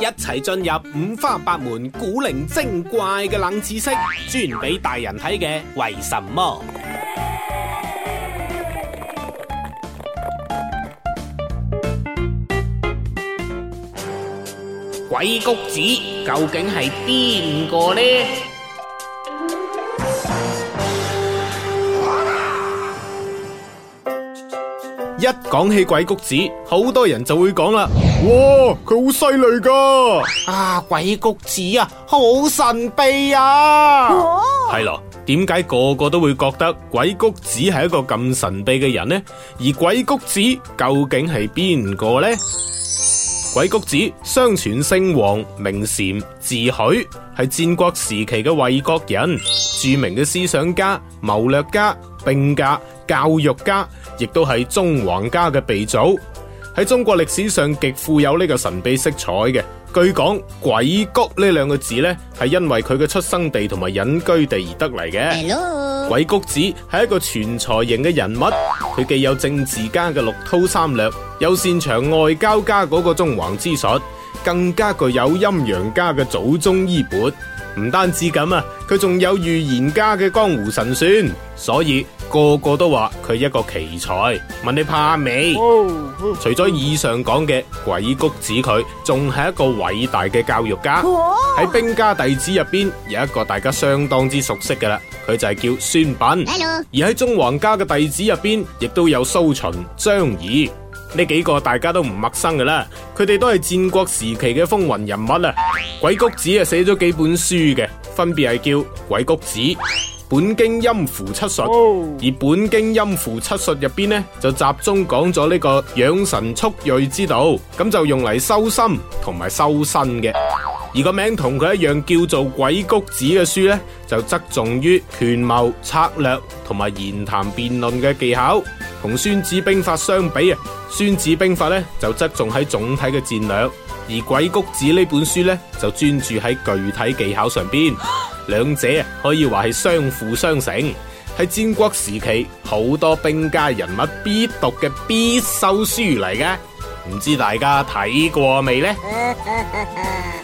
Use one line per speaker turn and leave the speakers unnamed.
一齊進入五花八門古靈精怪嘅冷知識，專俾大人睇嘅，為什麼鬼谷子究竟係邊個呢？一講起鬼谷子，好多人就會講啦。哇，佢好犀利噶！啊，鬼谷子啊，好神秘啊。哦、啊，係咯。點解個個都會覺得鬼谷子係一個咁神秘嘅人呢？而鬼谷子究竟係邊個呢？鬼谷子相傳姓王，名禪，字許，係戰國時期嘅魏國人，著名嘅思想家、謀略家、兵家。教育家，亦都係縱橫家嘅鼻祖，喺中國歷史上極富有，呢個神秘色彩嘅。據講，鬼谷呢兩個字呢，係因為佢嘅出生地同埋隱居地而得嚟嘅。Hello? 鬼谷子係一個全才型嘅人物，佢既有政治家嘅六韜三略，又擅長外交家嗰個縱橫之術，更加具有陰陽家嘅祖宗衣鉢。唔單止咁啊，佢仲有預言家嘅江湖神算，所以個個都話佢一個奇才。問你怕未？哦哦、除咗以上講嘅鬼谷子，佢仲係一個偉大嘅教育家。喺、哦、兵家弟子入邊有一個大家相當之熟悉嘅啦，佢就係叫孫臏。了而喺縱橫家嘅弟子入邊，亦都有蘇秦、張儀。呢幾個大家都唔陌生噶啦，佢哋都係戰國時期嘅風雲人物啊！鬼谷子啊寫咗幾本書嘅，分別係叫《鬼谷子》、《本經陰符七術》，而《本經陰符七術》入邊呢，就集中講咗呢個養神蓄銳之道，咁就用嚟修心同埋修身嘅。而個名同佢一樣叫做《鬼谷子》嘅書呢，就側重於權謀策略同埋言談辯論嘅技巧。同《孫子兵法》相比啊，《孫子兵法》呢就側重喺總體嘅戰略，而《鬼谷子》呢本書呢，就專注喺具體技巧上邊。兩者可以話係相輔相成。喺戰國時期，好多兵家人物必讀嘅必修書嚟嘅，唔知大家睇過未呢？